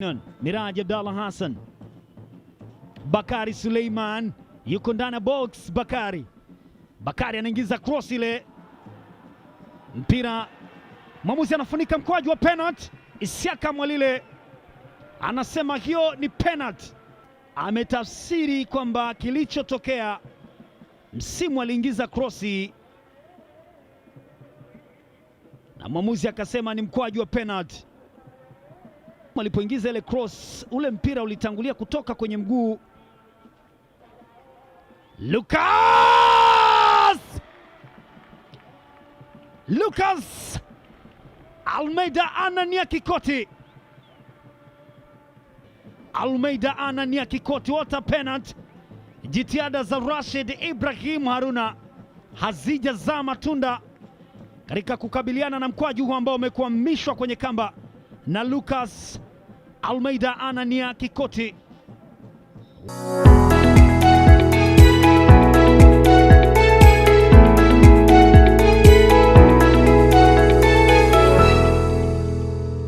Miraji Abdallah Hassan, Bakari Suleiman yuko ndani ya box. Bakari Bakari anaingiza cross ile, mpira mwamuzi anafunika mkwaju wa penalty. Isiaka Mwalile anasema hiyo ni penalty, ametafsiri kwamba kilichotokea Msimu aliingiza krosi na mwamuzi akasema ni mkwaju wa penalty. Mwalimu alipoingiza ile cross, ule mpira ulitangulia kutoka kwenye mguu Lucas Lucas Almeida anania kikoti, Almeida anania kikoti. What penalty! Jitihada za Rashid Ibrahim Haruna hazijazaa matunda katika kukabiliana na mkwaju huu ambao umekwamishwa kwenye kamba na Lucas Almeida anania kikoti